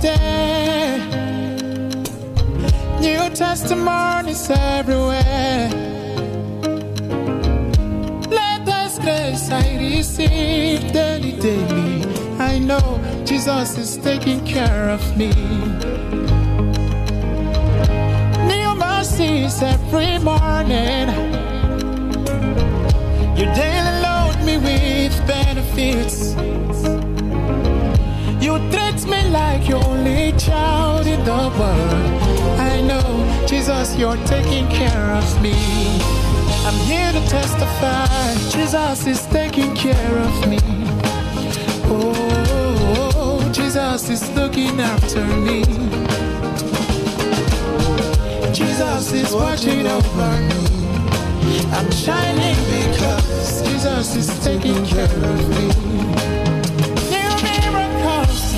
day. New testimonies everywhere. Let Latest grace I receive daily, daily. I know Jesus is taking care of me. New mercies every morning. You daily load me with benefits. You treat me like your only child in the world. I know, Jesus, you're taking care of me. I'm here to testify, Jesus is taking care of me. Oh, Jesus is looking after me. Jesus is watching over me. I'm shining because Jesus is taking care of me.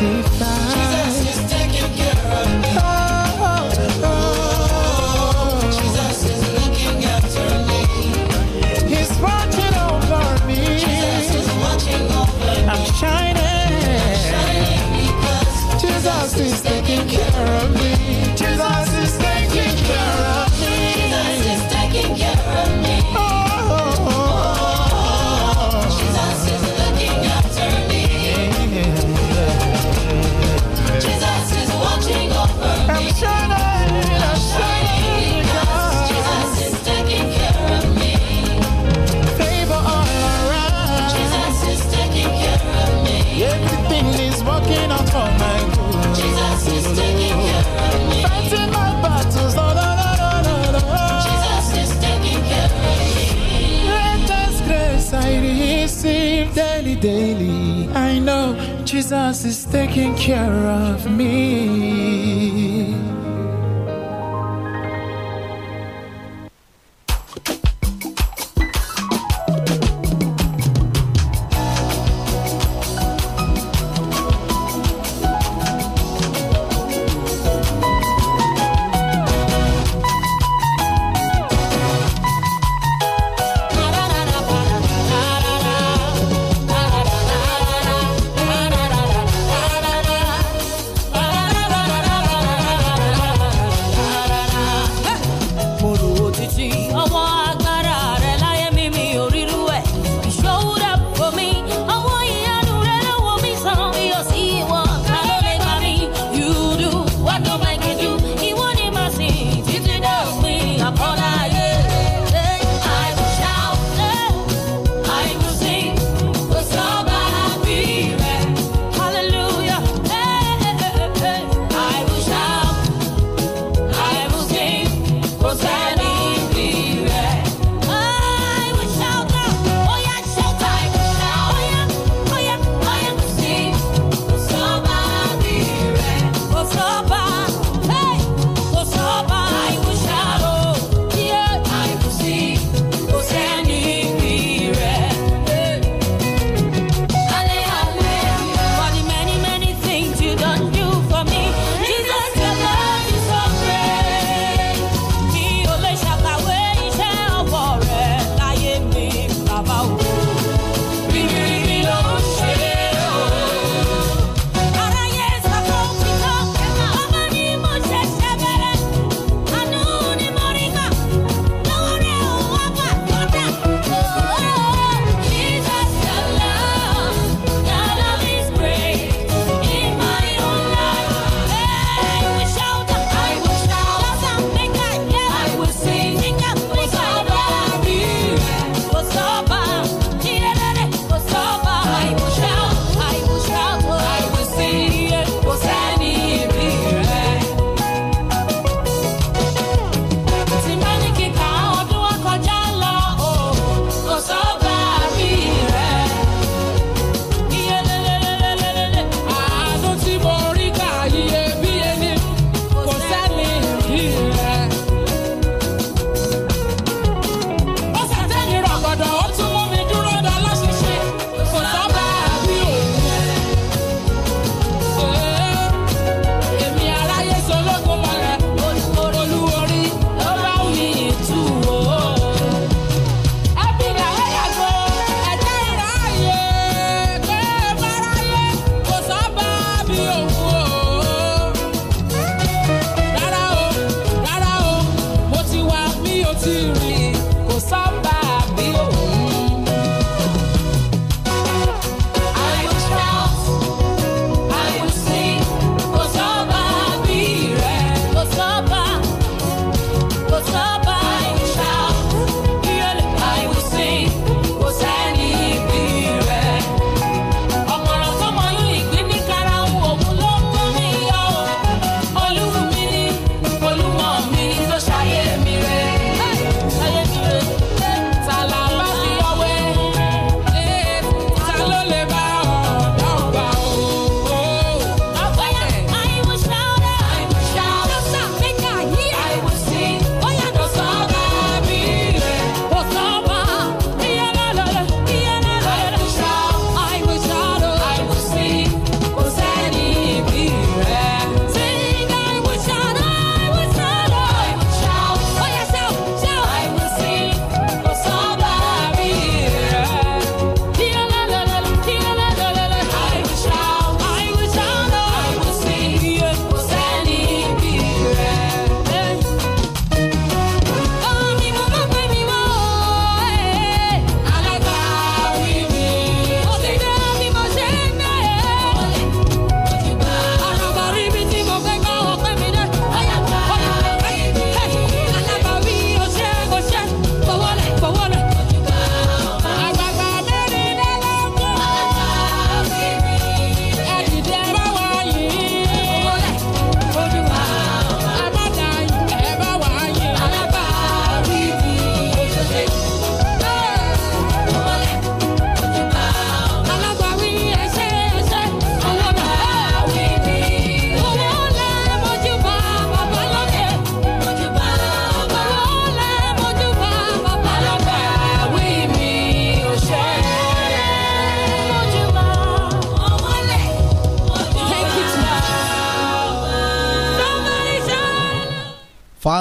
take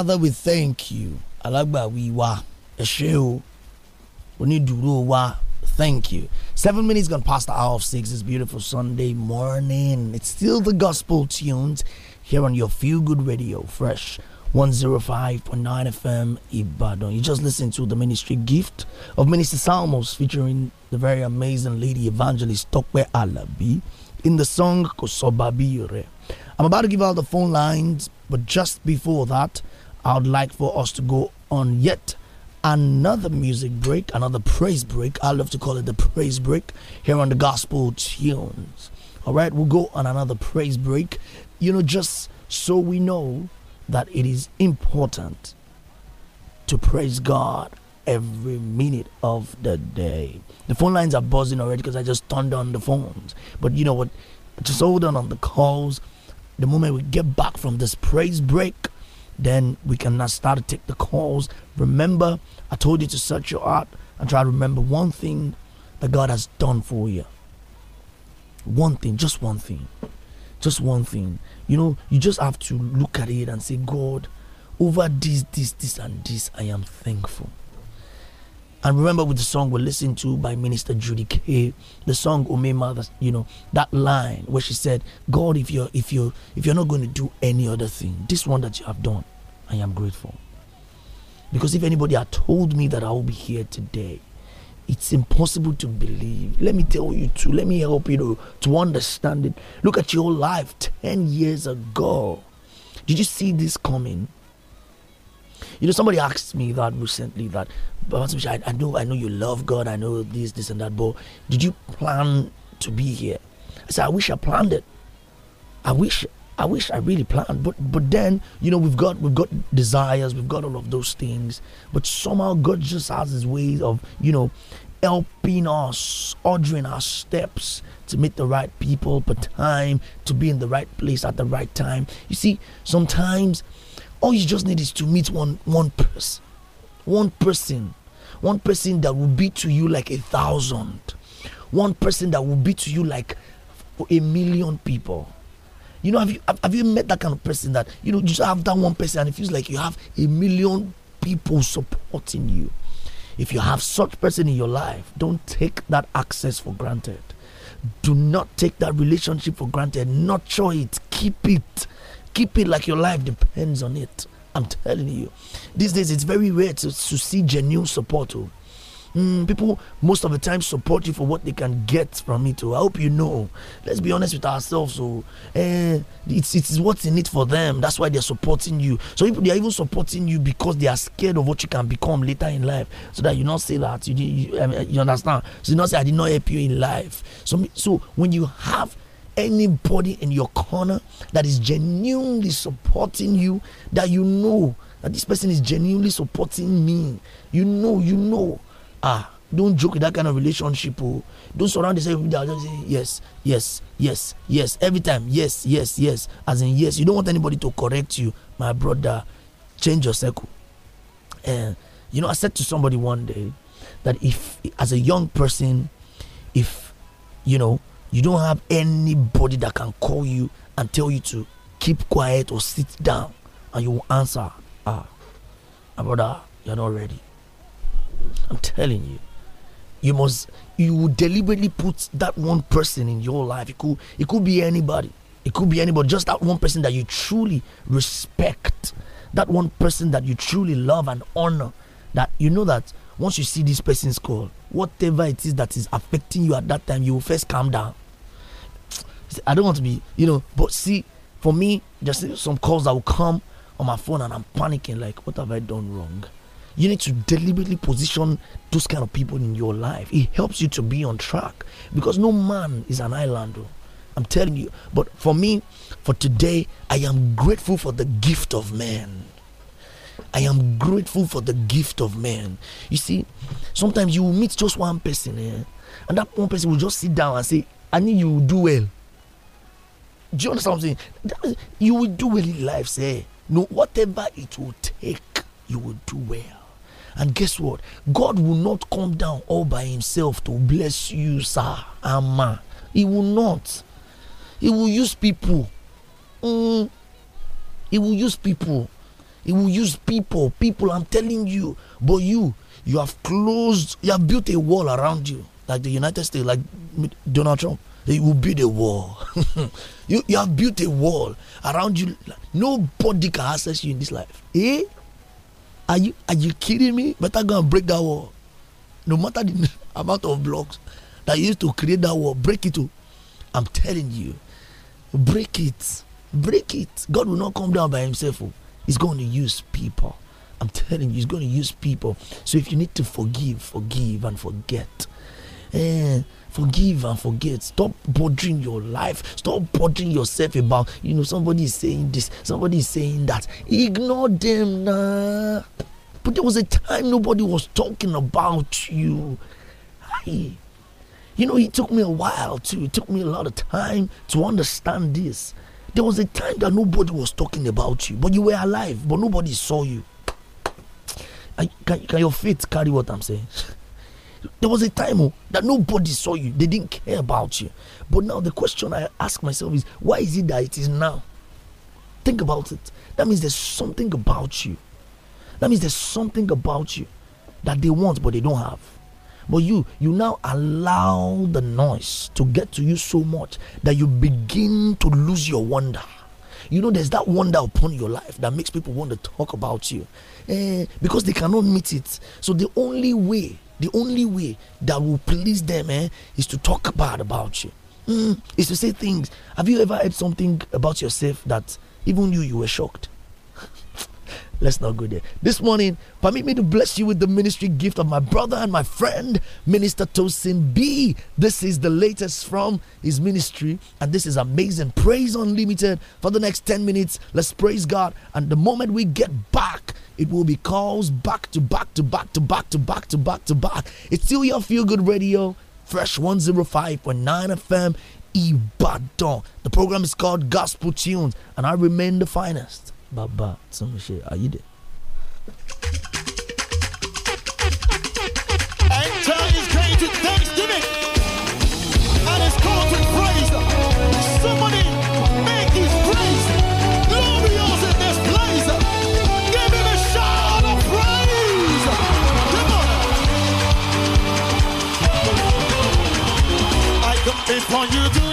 Father, we thank you. Alagbawi wa. Esheo. Oniduro wa. Thank you. Seven minutes gone past the hour of six. This beautiful Sunday morning. It's still the gospel tunes here on your Feel Good Radio, fresh 105.9 FM Ibadan. You just listen to the ministry gift of Minister Salmos featuring the very amazing lady evangelist Tokwe Alabi in the song Kosobabire. I'm about to give out the phone lines, but just before that, I would like for us to go on yet another music break, another praise break. I love to call it the praise break here on the Gospel Tunes. All right, we'll go on another praise break. You know, just so we know that it is important to praise God every minute of the day. The phone lines are buzzing already because I just turned on the phones. But you know what? Just hold on on the calls. The moment we get back from this praise break, then we cannot start to take the calls. Remember, I told you to search your heart and try to remember one thing that God has done for you. One thing, just one thing. Just one thing. You know, you just have to look at it and say, God, over this, this, this, and this, I am thankful. And remember with the song we listened to by Minister Judy Kay, the song Ome Mother, you know, that line where she said, God, if you're if you're if you're not going to do any other thing, this one that you have done, I am grateful. Because if anybody had told me that I will be here today, it's impossible to believe. Let me tell you too, let me help you to, to understand it. Look at your life 10 years ago. Did you see this coming? You know, somebody asked me that recently that, I, I know, I know you love God, I know this, this, and that, but did you plan to be here? I said, I wish I planned it. I wish, I wish I really planned. But, but then, you know, we've got, we've got desires, we've got all of those things, but somehow God just has His ways of, you know, helping us, ordering our steps to meet the right people, but time to be in the right place at the right time. You see, sometimes all you just need is to meet one one person, one person, one person that will be to you like a thousand, one person that will be to you like a million people. You know, have you have, have you met that kind of person that you know you just have that one person and it feels like you have a million people supporting you? If you have such person in your life, don't take that access for granted. Do not take that relationship for granted. Nurture it, keep it Keep it like your life depends on it. I'm telling you. These days, it's very rare to, to see genuine support. Oh. Mm, people most of the time support you for what they can get from it. Oh. I hope you know. Let's be honest with ourselves. So oh. eh, it's it's what's in it for them. That's why they're supporting you. So they are even supporting you because they are scared of what you can become later in life. So that you not say that you you, you um, understand. So you not say I did not help you in life. So so when you have anybody in your corner that is genuinely supporting you, that you know that this person is genuinely supporting me. You know, you know. Ah, don't joke with that kind of relationship. Oh. Don't surround yourself with that. say, yes, yes, yes, yes. Every time, yes, yes, yes. As in, yes. You don't want anybody to correct you. My brother, change your circle. And, eh, you know, I said to somebody one day that if, as a young person, if, you know, you don't have anybody that can call you and tell you to keep quiet or sit down and you will answer. Ah, brother, you're not ready. I'm telling you. You must you will deliberately put that one person in your life. It could it could be anybody. It could be anybody, just that one person that you truly respect, that one person that you truly love and honor. That you know that once you see this person's call, whatever it is that is affecting you at that time, you will first calm down. I don't want to be, you know, but see, for me, just some calls that will come on my phone and I'm panicking, like, what have I done wrong? You need to deliberately position those kind of people in your life. It helps you to be on track because no man is an island. I'm telling you. But for me, for today, I am grateful for the gift of man. I am grateful for the gift of man. You see, sometimes you meet just one person, eh? and that one person will just sit down and say, I need you to do well. Do you understand what I'm saying? you will do well in life, say. Eh. No, whatever it will take, you will do well. And guess what? God will not come down all by himself to bless you, sir, and ma. He will not. He will use people. Mm. He will use people he will use people, people, I'm telling you. But you, you have closed, you have built a wall around you, like the United States, like Donald Trump. He will build a wall. you, you have built a wall around you. Nobody can access you in this life. Eh? Are you are you kidding me? Better go and break that wall. No matter the amount of blocks that you used to create that wall, break it. Too. I'm telling you, break it, break it. God will not come down by himself. Oh. He's going to use people. I'm telling you, He's going to use people. So if you need to forgive, forgive and forget. And eh, forgive and forget. Stop bothering your life. Stop bothering yourself about, you know, somebody is saying this, somebody is saying that. Ignore them now. Nah. But there was a time nobody was talking about you. You know, it took me a while too. It took me a lot of time to understand this. There was a time that nobody was talking about you, but you were alive, but nobody saw you. Can, can your faith carry what I'm saying? there was a time oh, that nobody saw you, they didn't care about you. But now the question I ask myself is why is it that it is now? Think about it. That means there's something about you. That means there's something about you that they want but they don't have. But you, you now allow the noise to get to you so much that you begin to lose your wonder. You know, there's that wonder upon your life that makes people want to talk about you eh, because they cannot meet it. So the only way, the only way that will please them eh, is to talk bad about you. Mm, is to say things. Have you ever heard something about yourself that even you, you were shocked? Let's not go there. This morning, permit me to bless you with the ministry gift of my brother and my friend, Minister Tosin B. This is the latest from his ministry, and this is amazing. Praise Unlimited for the next 10 minutes. Let's praise God. And the moment we get back, it will be calls back to back to back to back to back to back to back. It's still your feel good radio, Fresh 105.9 FM, Ibadan. The program is called Gospel Tunes, and I remain the finest. Baba, some shit. Are you there? And time is And it's called to praise. Somebody make praise. Glorious in this place. Give him a shout of praise. Come on. I come you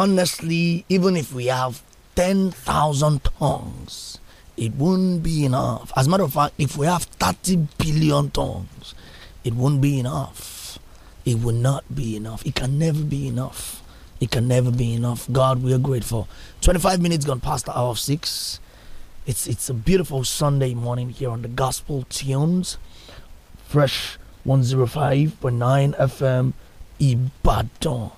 honestly, even if we have 10,000 tongues, it won't be enough. As a matter of fact, if we have 30 billion tongues, it won't be enough. It will not be enough. It can never be enough. It can never be enough. God, we are grateful. 25 minutes gone past the hour of six. It's, it's a beautiful Sunday morning here on the Gospel Tunes. Fresh 105.9 FM Ibadan.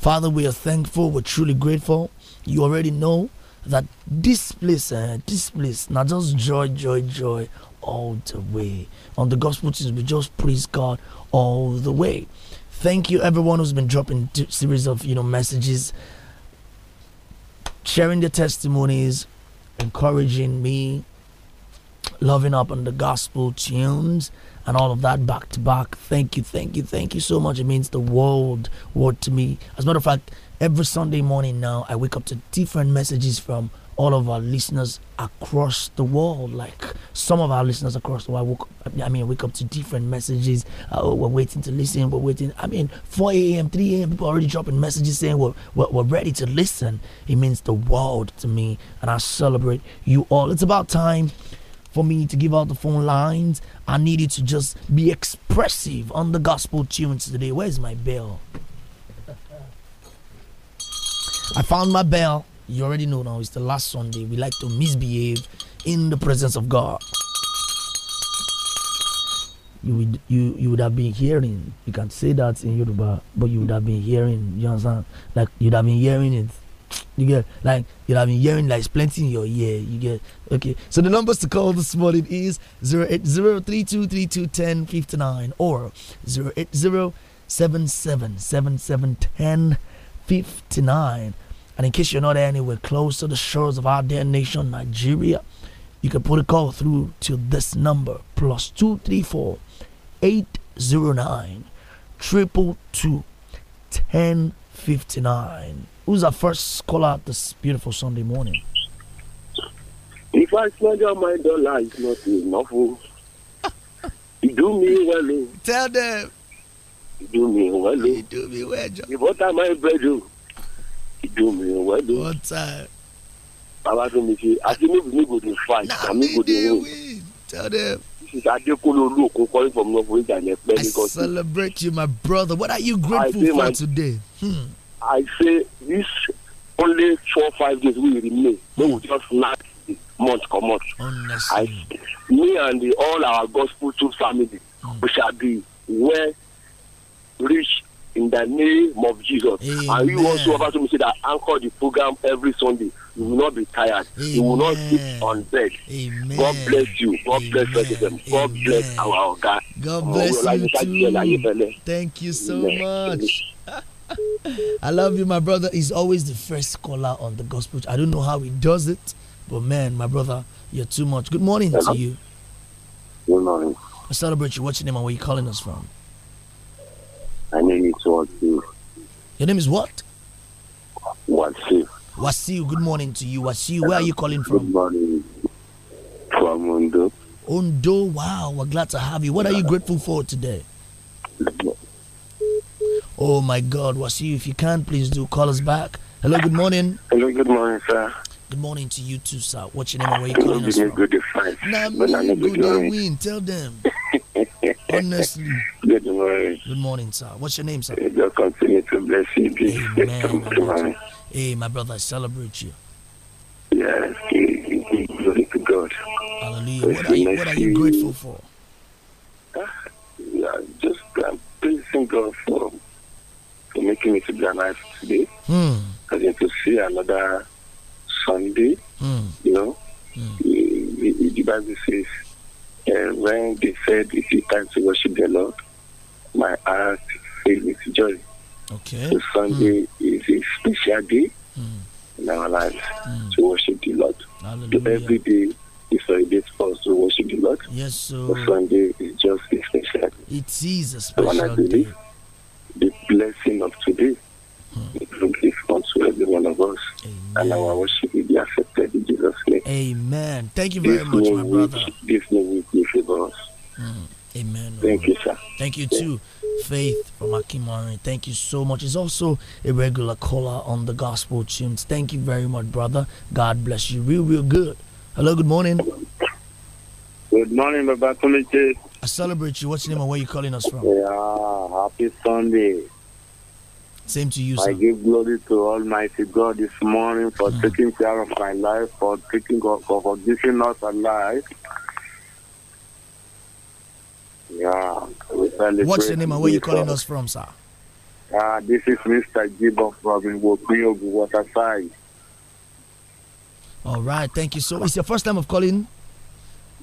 Father, we are thankful. We're truly grateful. You already know that this place, uh, this place, not just joy, joy, joy all the way. On the gospel tunes, we just praise God all the way. Thank you, everyone who's been dropping t- series of you know messages, sharing their testimonies, encouraging me, loving up on the gospel tunes and all of that back to back. Thank you, thank you, thank you so much. It means the world, world to me. As a matter of fact, every Sunday morning now, I wake up to different messages from all of our listeners across the world. Like some of our listeners across the world, woke, I mean, wake up to different messages. Uh, oh, we're waiting to listen. We're waiting. I mean, 4 a.m., 3 a.m. People already dropping messages saying we're, we're, we're ready to listen. It means the world to me, and I celebrate you all. It's about time for me to give out the phone lines. I needed to just be expressive on the gospel tunes today. Where's my bell? I found my bell. You already know now, it's the last Sunday. We like to misbehave in the presence of God. You would you you would have been hearing. You can say that in Yoruba, but you would have been hearing. You understand? Like you'd have been hearing it. You get like you have been hearing like plenty in your ear. You get okay. So the numbers to call this morning is 08032321059 or 08077771059. And in case you're not anywhere close to the shores of our dear nation, Nigeria, you can put a call through to this number plus two three four eight zero nine triple two ten fifty nine. Who's our first caller this beautiful Sunday morning? If I spend all my dollar, it's not enough. Oh. You do me well. Oh. Tell them. You do me well. Oh. You do me well. John. You butter my bread. You do me well. Oh. One time. Baba told me, say, I think maybe me go to fight. Nah, me go to win. Tell them. This is Adekunle Oluokun calling from North Wales and Ekpe. I celebrate you, my brother. What are you grateful for today? Hmm. I say this only four five days will remain. They will just not months month come out. I, me and the, all our gospel two family, mm. we shall be well rich in the name of Jesus. Amen. And you also about to say that anchor the program every Sunday. You will not be tired. Amen. You will not sit on bed. Amen. God bless you. God bless them. God bless our God. God bless you too. Thank you so much. I love you, my brother. He's always the first caller on the gospel. I don't know how he does it, but man, my brother, you're too much. Good morning Hello. to you. Good morning. I celebrate you. What's your name and where you calling us from? My name is Wasil. Your name is what? Wasil. Wasil, good morning to you. Wasil, where are you calling from? Good morning. From Undo. Undo. wow, we're glad to have you. What are you grateful for today? Oh my God, was you? If you can, please do call us back. Hello, good morning. Hello, good morning, sir. Good morning to you too, sir. What's your name and where you calling us from? Good morning, Nah, good morning. Tell them. Honestly. Good morning. Good morning, sir. What's your name, sir? God continue to bless you. Amen. My Hey, my brother, I celebrate you. Yes, glory to God. Hallelujah. What are, you, what are you grateful for? Ah, yeah, just praising God for for making it to be alive today. Mm. And then to see another Sunday, mm. you know, mm. the, the, Bible says, uh, when they said it is time to worship the Lord, my heart filled with joy. Okay. So Sunday mm. is a special day hmm. in our lives hmm. to worship the Lord. Hallelujah. So every day is a day for us to worship the Lord. Yes, so. so Sunday is just a special day. It is a special day blessing of today. Mm. Give to every one of us, and our worship will be accepted in Jesus' name. Amen. Thank you very this much, my brother. This name will favor us. Mm. Amen. Oh Thank you, sir. Thank you too. Faith from Akimari. Thank you so much. He's also a regular caller on the Gospel Tunes. Thank you very much, brother. God bless you. Real, real good. Hello, good morning. Good morning, Baba Kumite. I celebrate you. What's your name and where you calling us from? Yeah, happy Sunday. Same to you, I give glory to Almighty God this morning for mm. taking care of my life, for taking for, for giving us alive. Yeah. What's the name and where you calling us from, sir? Uh, this is Mr. Gibbon from Wokiogu Waterside. All right, thank you. So, it's your first time of calling?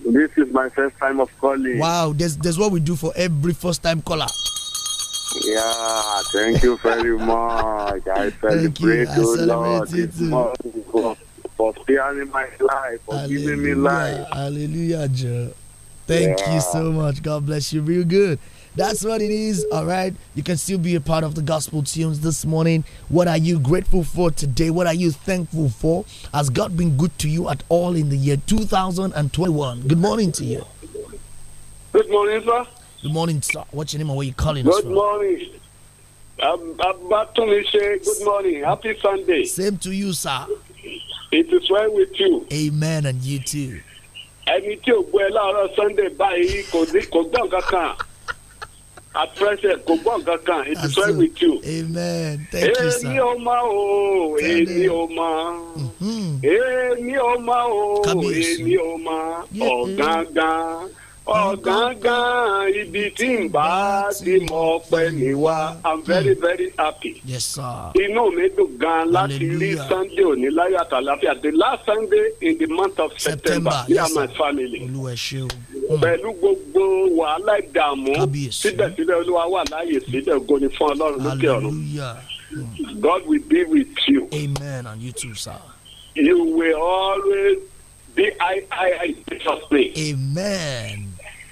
This is my first time of calling. Wow, there's, there's what we do for every first time caller. Yeah, thank you very much. I celebrate you, I Lord, for, for my life, for Hallelujah. giving me life. Hallelujah, Joe. Thank yeah. you so much. God bless you real good. That's what it is. All right. You can still be a part of the gospel tunes this morning. What are you grateful for today? What are you thankful for? Has God been good to you at all in the year 2021? Good morning to you. Good morning, sir. Good morning, sir. What's your name and where you calling Good us from? morning. Abatunmi say good morning. Happy Sunday. Same to you, sir. It is well with you. Amen, and you too. Ẹni tí ò gbọ́ ẹ láàárọ̀ Sunday báyìí kò gbọ́ nǹkan kan. At present, kò gbọ́ nǹkan kan. It is well with you. Amen. Thank you, sir. Èmi ò mọ o, èmi ò mọ. Mm-hmm. Èmi ò mọ o, èmi ò mọ. Ọ̀gángan ọ̀gángán ibi tí n bá ti mọ ọpẹ́ mi wá i'm very hmm. very happy. yes sir. inú mi dùn gan láti rí sunday òní láyọ̀ àtàlàfíà the last sunday in the month of september me and my family. olúwa ṣe o. Hmm. pẹ̀lú gbogbo wàhálà ìdààmú síbẹ̀síbẹ̀ olúwa wà láàyè síbẹ̀ goni fún ọlọ́run lókè ọ̀run. Hmm. god will be with you. amen and you too sir. you will always be i i i just pray. amen.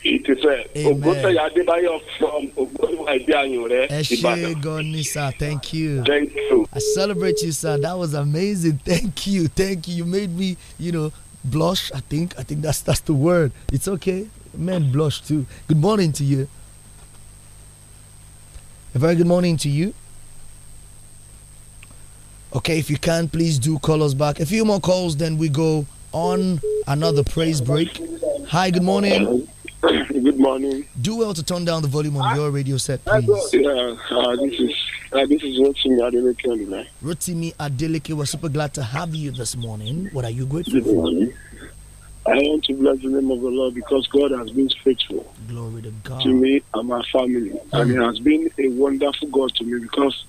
it is a good Adebayo from Ogunwa Ibianyure, Ibadan. Ẹ ṣé gan ni sir, thank you. Thank you. I celebrate you sir, that was amazing. Thank you, thank you. You made me, you know, blush. I think, I think that's that's the word. It's okay, men blush too. Good morning to you. A very good morning to you. Okay, if you can, please do call us back. A few more calls, then we go on another praise break. Hi, good morning. Good morning. Do well to turn down the volume on ah, your radio set, ah, please. Yeah, uh, this is uh, this is Rotimi Adeleke on the Rotimi Adeleke, we're super glad to have you this morning. What are you grateful Good morning. for? I want to bless the name of the Lord because God has been faithful. Glory to God. To me and my family, mm. and He mm. has been a wonderful God to me because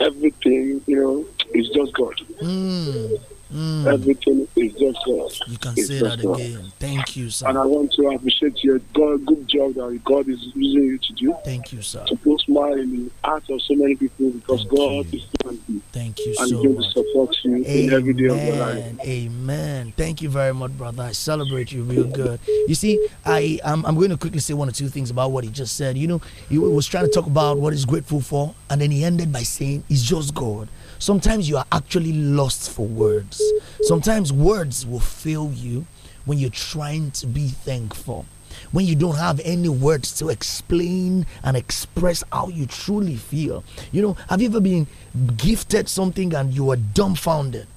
everything, you know, is just God. Mm. Mm. Everything is just God. Uh, you can it's say that God. Uh, again. Thank you, sir. And I want to appreciate your God, good job that God is using you to do. Thank you, sir. To put smile in the heart of so many people because Thank God you. is standing. Thank you and so going much. to support you Amen. in every day of your life. Amen. Thank you very much, brother. I celebrate you real good. You see, I I'm, I'm going to quickly say one or two things about what he just said. You know, he was trying to talk about what he's grateful for, and then he ended by saying, "It's just God." Sometimes you are actually lost for words. Sometimes words will fail you when you're trying to be thankful. When you don't have any words to explain and express how you truly feel. You know, have you ever been gifted something and you were dumbfounded?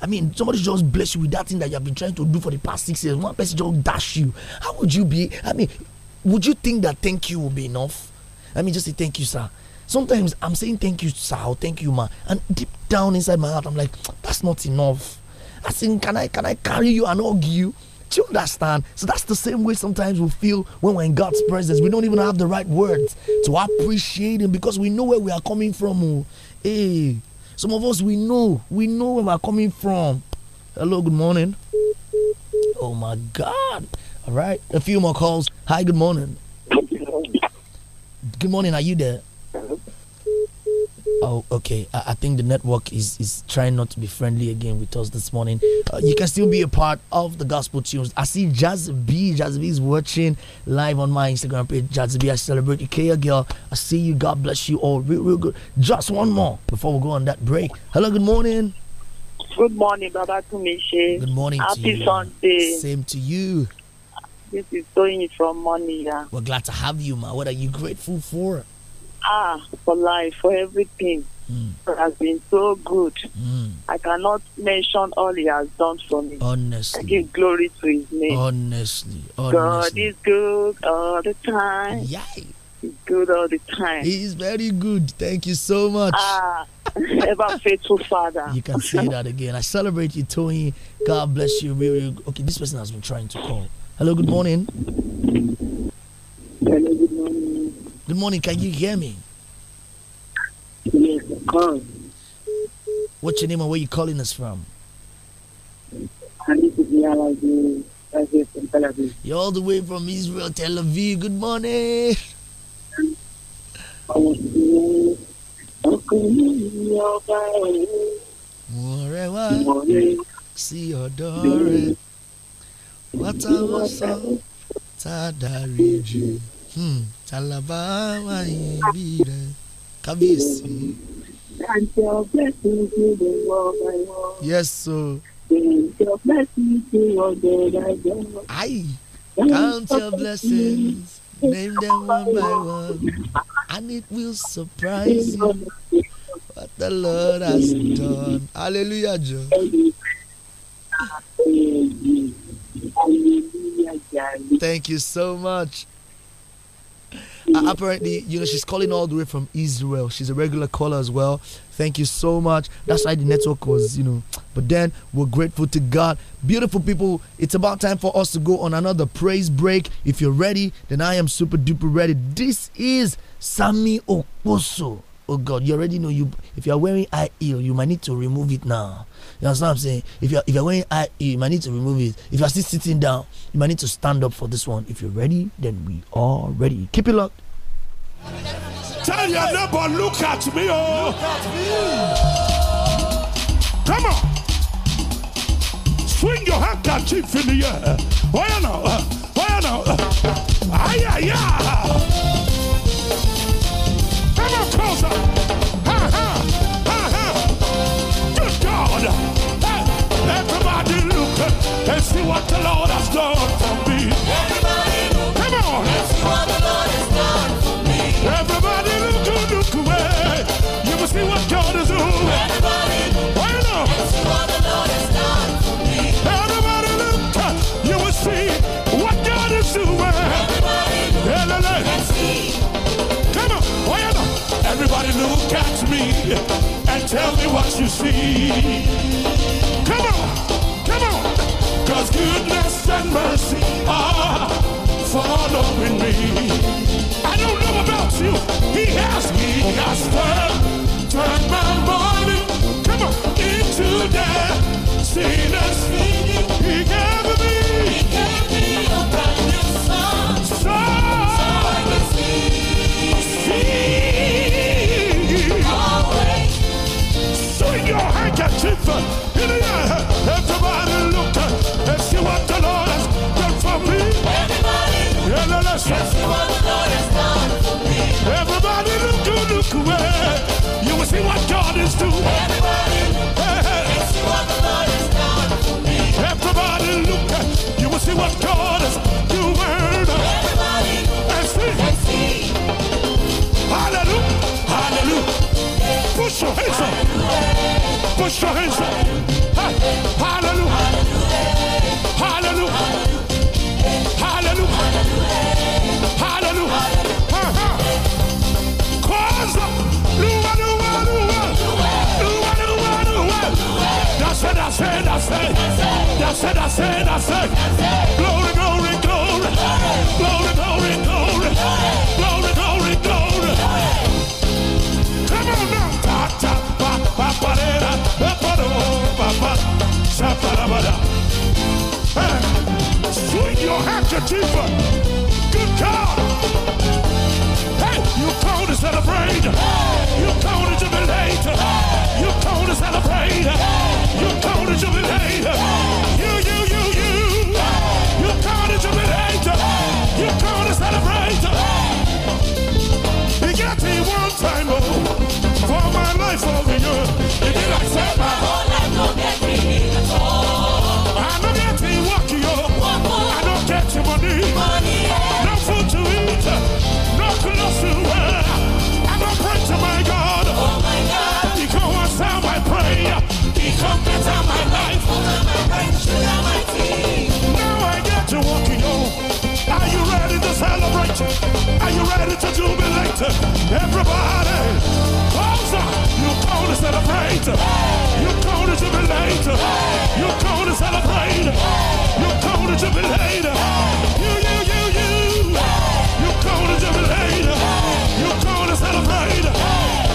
I mean, somebody just bless you with that thing that you have been trying to do for the past six years. One person just dash you. How would you be? I mean, would you think that thank you would be enough? I mean, just say thank you, sir. Sometimes I'm saying thank you, sir, thank you, ma. And deep down inside my heart, I'm like, that's not enough. I think, can I can I carry you and hug you? Do you understand? So that's the same way sometimes we feel when we're in God's presence. We don't even have the right words to appreciate Him because we know where we are coming from. Oh. Hey, some of us we know, we know where we're coming from. Hello, good morning. Oh my God. All right, a few more calls. Hi, good morning. Good morning, are you there? Oh, okay. I, I, think the network is, is trying not to be friendly again with us this morning. Uh, you can still be a part of the gospel tunes. I see Jazz B. Jazz B is watching live on my Instagram page. Jazz B, I celebrate you, Kaya girl. I see you. God bless you all. Real, real good. Just one more before we go on that break. Hello, good morning. Good morning, Baba Tumishi. Good morning. Happy Sunday. Same to you. This is Tony from Yeah. We're glad to have you, ma. What are you grateful for? Ah, for life, for everything. Mm. It has been so good. Mm. I cannot mention all he has done for me. Honestly. I give glory to his name. Honestly. Honestly. God is good all the time. Yeah. He's good all the time. He is very good. Thank you so much. Ah, ever faithful father. You can say that again. I celebrate you, Tony. God bless you. Really. Okay, this person has been trying to call. Hello, good morning. Hello, good morning. Good morning. Can you hear me? Yes, call. What's your name and where you calling us from? You're all the way from Israel, Tel Aviv. Good morning. sọ Hmm, yes, so. Count your blessings. Name them one by one. And it will surprise you what the Lord has done. Hallelujah, Joe. Thank you so much. Uh, apparently, you know, she's calling all the way from Israel. She's a regular caller as well. Thank you so much. That's why the network was, you know. But then we're grateful to God. Beautiful people, it's about time for us to go on another praise break. If you're ready, then I am super duper ready. This is Sami Okposo. Oh God, you already know you. If you are wearing high heel, you might need to remove it now. You understand what I'm saying? If you are, if you're wearing high heel, you might need to remove it. If you're still sitting down, you might need to stand up for this one. If you're ready, then we are ready. Keep it locked. Tell your neighbor, look at me, oh. Look at me. Come on. Swing your handkerchief in the air. Why now? Why now? Ay, ay, ay. see what the Lord has done for me. Everybody look. Come on. see what the Lord has done for me. Everybody look, look away. You will see what God is doing. Everybody look. Why not? let see what the Lord has done for me. Everybody look. You will see what God is doing. Everybody look. Yeah, yeah, yeah. see. Come on. Why not? Everybody look at me and tell me what you see. Come on. God's goodness and mercy are following me. I don't know about you. He has, he has turned, turned my body come on, into day. Seen singing. Everybody look look away. You will see what God is doing. Everybody look see what Everybody look you will see what God is doing. Everybody look Hallelujah. Hallelujah. Push your hands up. Push your hands up. I said, I said, I said, glory, glory, glory, glory, glory, glory, glory, glory, glory. Come on now, ta ta pa pa pa re ra, pa pa do pa pa, sha pa da ba da. Swing your handkerchief, good God. Hey, you called to celebrate. You called to jubilate. You called to celebrate. You called Are you ready to jubilate? Everybody, close up. You're going to celebrate. You're going to jubilate. You're going to celebrate. You're going to jubilate. You, you, you, you. You're going to jubilate. You're going to celebrate.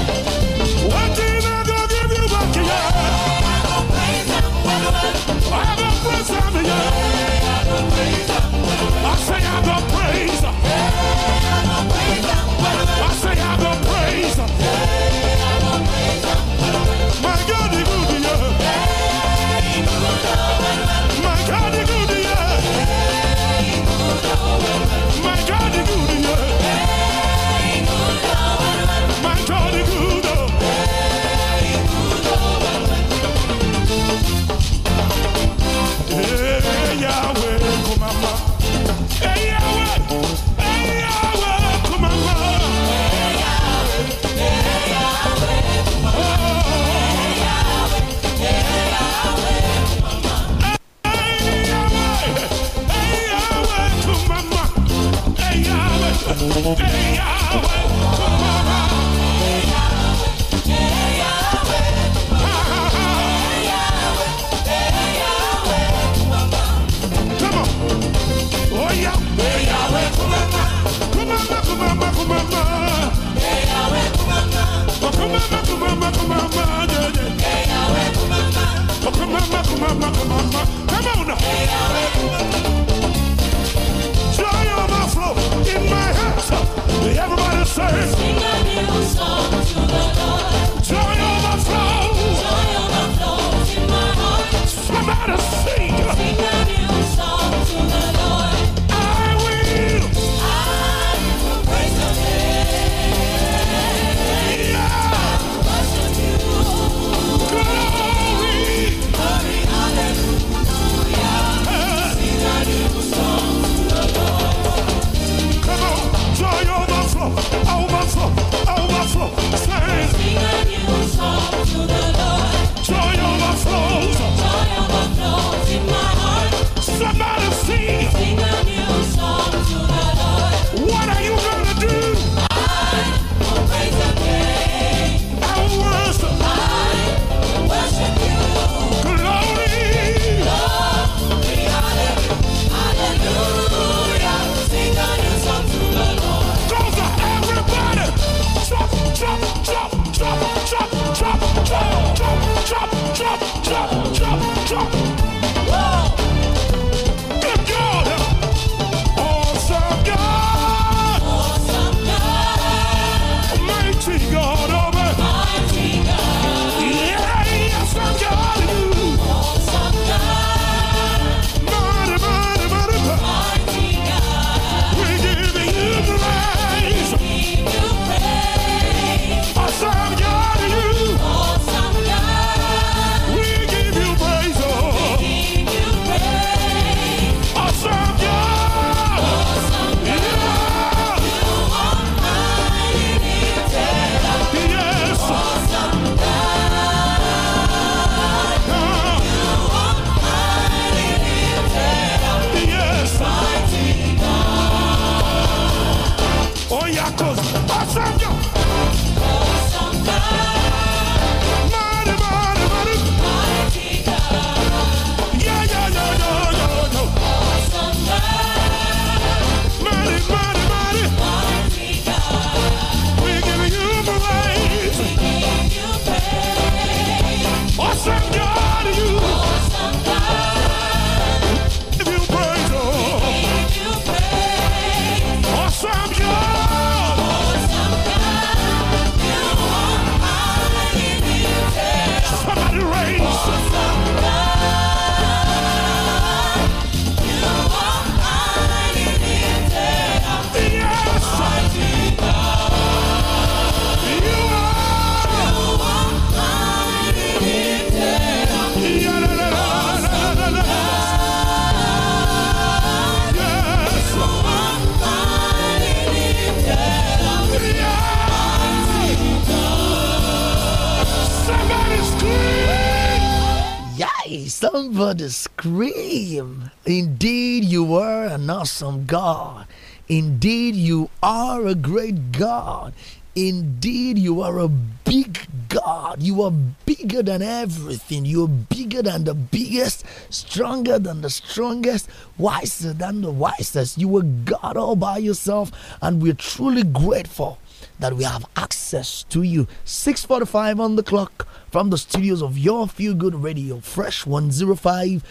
somebody scream, Indeed, you are an awesome God. Indeed, you are a great God. Indeed, you are a big God. You are bigger than everything. You are bigger than the biggest, stronger than the strongest, wiser than the wisest. You were God all by yourself, and we're truly grateful that we have access to you. 6:45 on the clock from the studios of Your Feel Good Radio, Fresh 105.9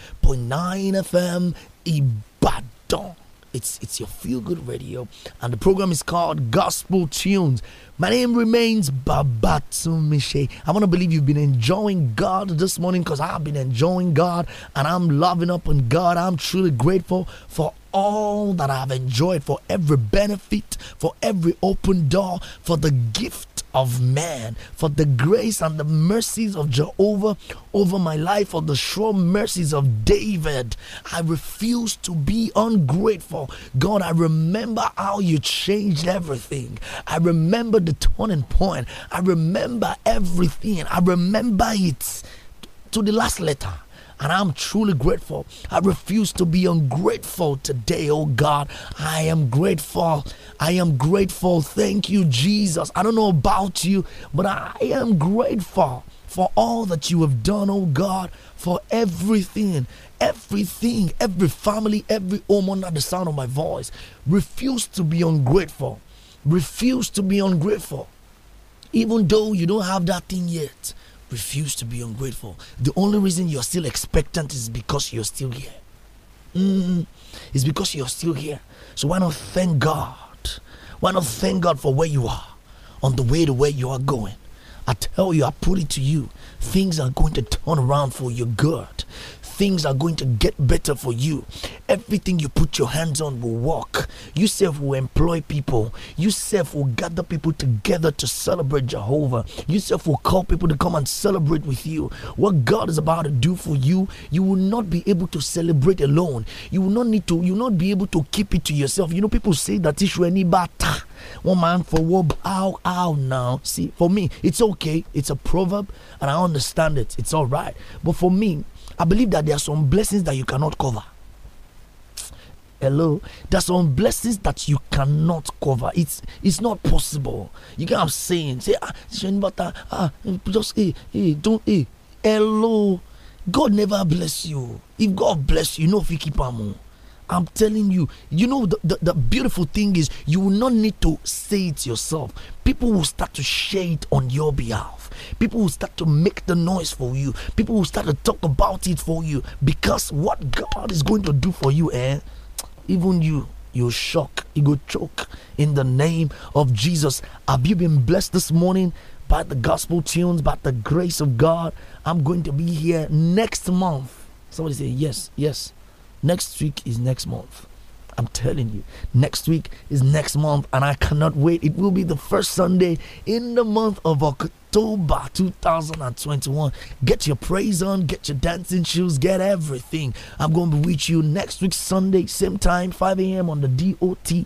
FM, Ibadan. It's it's your Feel Good Radio, and the program is called Gospel Tunes. My name remains Babatumishe. I want to believe you've been enjoying God this morning because I've been enjoying God and I'm loving up on God. I'm truly grateful for all that I have enjoyed, for every benefit, for every open door, for the gift of man, for the grace and the mercies of Jehovah over my life, for the sure mercies of David. I refuse to be ungrateful. God, I remember how you changed everything. I remember the turning point. I remember everything. I remember it to the last letter and I'm truly grateful. I refuse to be ungrateful today, oh God. I am grateful. I am grateful. Thank you, Jesus. I don't know about you, but I am grateful for all that you have done, oh God, for everything, everything, every family, every home under the sound of my voice. Refuse to be ungrateful. Refuse to be ungrateful. Even though you don't have that thing yet, Refuse to be ungrateful. The only reason you're still expectant is because you're still here. Mm, it's because you're still here. So why not thank God? Why not thank God for where you are on the way to where you are going? I tell you, I put it to you, things are going to turn around for your good things are going to get better for you. Everything you put your hands on will work. You self will employ people. You self will gather people together to celebrate Jehovah. You self will call people to come and celebrate with you. What God is about to do for you, you will not be able to celebrate alone. You will not need to, you will not be able to keep it to yourself. You know, people say that issue any bata. One man for what? Ow, ow, now. See, for me, it's okay. It's a proverb, and I understand it. It's all right. But for me, I believe that there are some blessings that you cannot cover. Hello, there are some blessings that you cannot cover. It's it's not possible. You can't saying say ah, ah just hey, hey, don't hey. Hello, God never bless you. If God bless you, you know if you keep on. Oh. I'm telling you, you know, the, the, the, beautiful thing is you will not need to say it yourself. People will start to share it on your behalf. People will start to make the noise for you. People will start to talk about it for you because what God is going to do for you, eh? Even you, you shock, you go choke in the name of Jesus. Have you been blessed this morning? By the gospel tunes, by the grace of God, I'm going to be here next month. Somebody say, Yes, yes. Next week is next month. I'm telling you, next week is next month, and I cannot wait. It will be the first Sunday in the month of October 2021. Get your praise on, get your dancing shoes, get everything. I'm going to be with you next week, Sunday, same time, 5 a.m. on the DOT.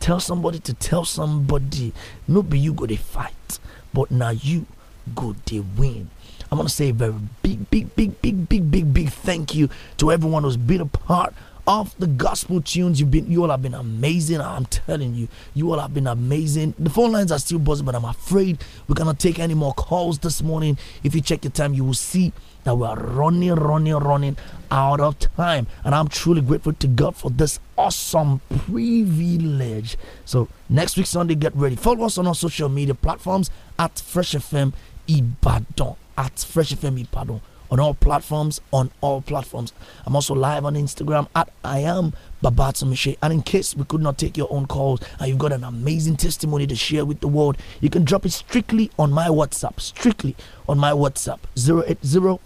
Tell somebody to tell somebody. No, you go to fight, but now you go to win. I want to say a very big, big, big, big, big, big, big thank you to everyone who's been a part of the gospel tunes. You've been, you all have been amazing. I'm telling you, you all have been amazing. The phone lines are still buzzing, but I'm afraid we cannot take any more calls this morning. If you check your time, you will see that we are running, running, running out of time. And I'm truly grateful to God for this awesome privilege. So next week Sunday, get ready. Follow us on our social media platforms at Fresh FM Ibadan. At Fresh FM Ibadan on all platforms. On all platforms. I'm also live on Instagram at I am Babatsumishi. And in case we could not take your own calls and you've got an amazing testimony to share with the world, you can drop it strictly on my WhatsApp. Strictly on my WhatsApp 080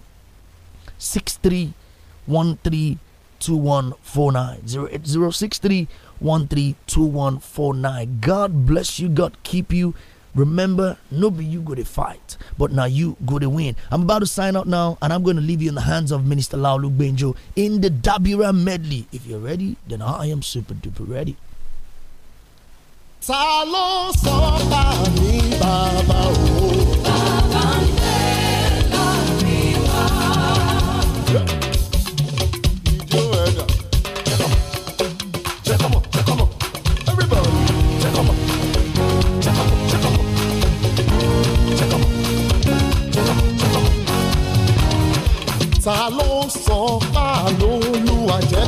6313 2149 God bless you. God keep you. Remember, nobody you go to fight, but now you go to win. I'm about to sign out now, and I'm going to leave you in the hands of Minister Laulu Benjo in the Dabira medley. If you're ready, then I am super duper ready.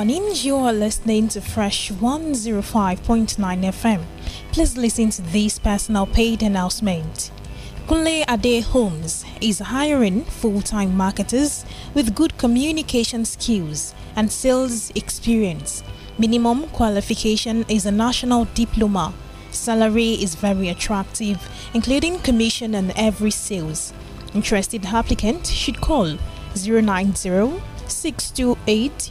mornings. You are listening to Fresh 105.9 FM. Please listen to this personal paid announcement. Kunle Ade Homes is hiring full time marketers with good communication skills and sales experience. Minimum qualification is a national diploma. Salary is very attractive, including commission on every sales. Interested applicant should call 090 628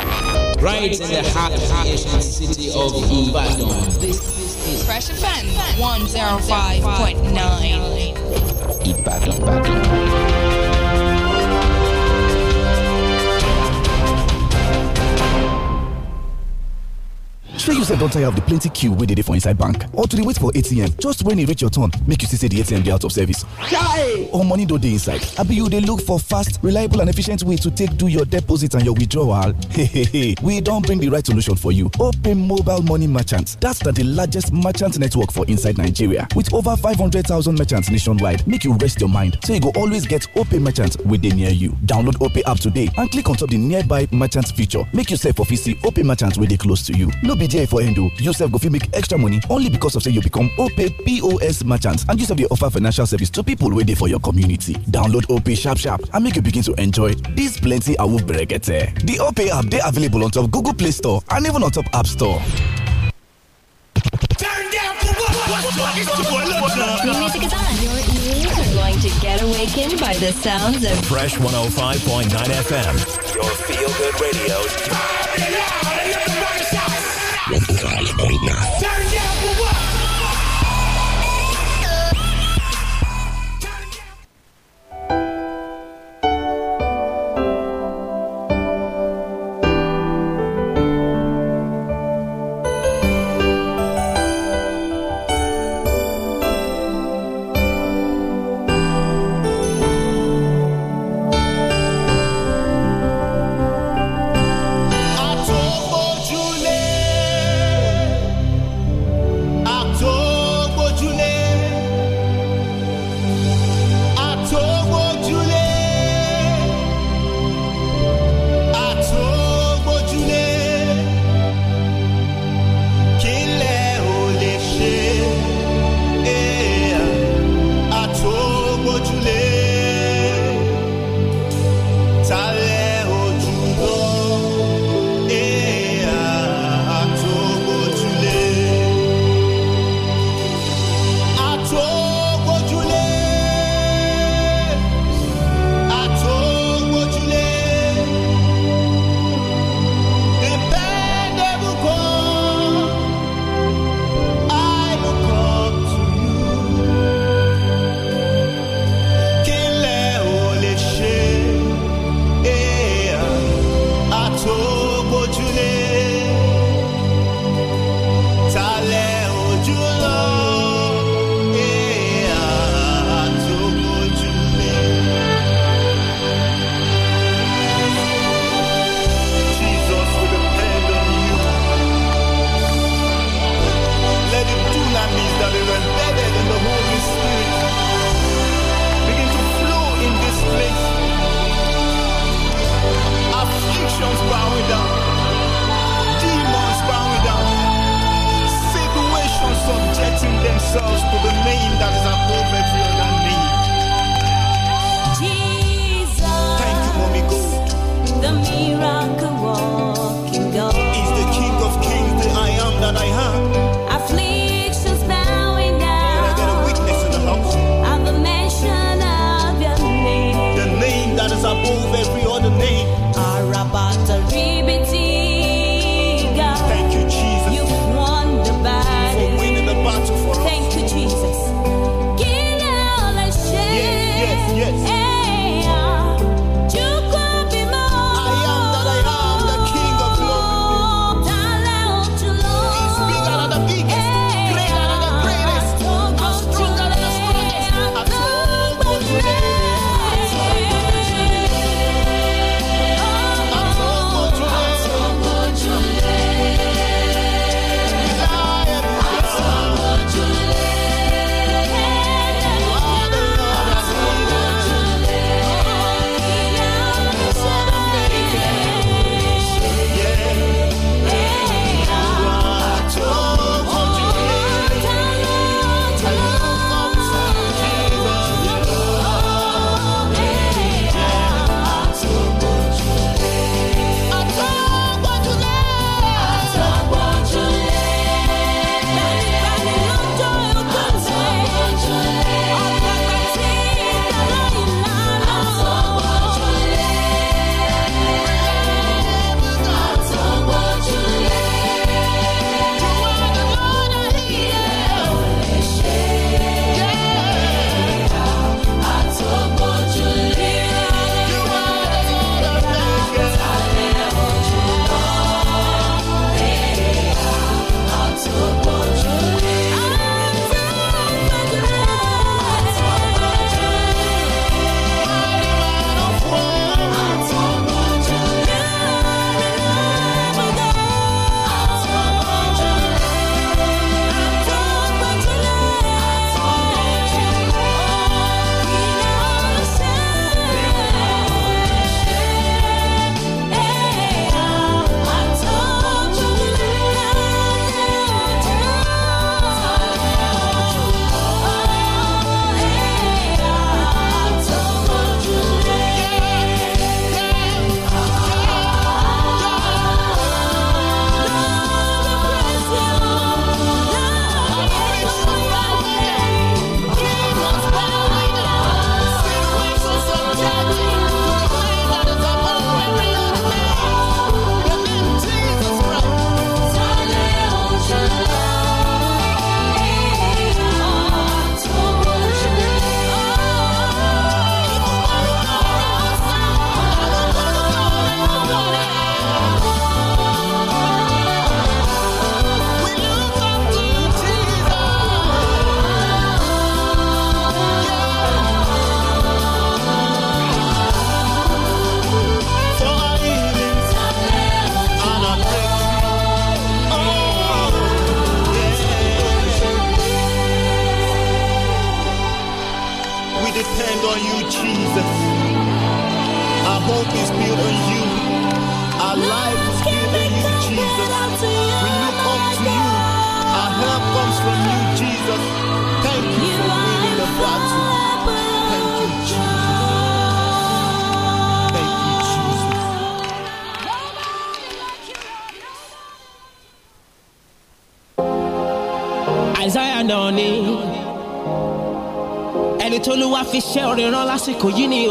right in the heart of the ancient city of Ibadan. This is Fresh Offense 105.9. Ibadan. Ibadan. shey you sef don't tire of the plenty queue wey dey for inside bank or to dey wait for atm just when you reach your turn make you see say di atm be out of service or money no dey inside abi you they look for fast reliable and efficient way to take do your deposit and your withdrawal we don't bring the right solution for you open mobile money merchants. That's the largest merchant network for inside nigeria with over 500000 merchants nationwide make you rest your mind so you go always get open merchants within near you download open app today and click on top the nearby merchants feature make you sef for fit see open merchants wey dey close to you no be nigeria for endo yourself go fit make extra money only because of say you become opay pos merchant and yourself the offer financial service to people wey for your community download opay sharp sharp and make you begin to enjoy this plenty I will awoof berekete The opay app they available on top google play store and even on top app store The music is on. Your ears are going to get awakened by the sounds of Fresh 105.9 FM. Your feel good radio. Cause you need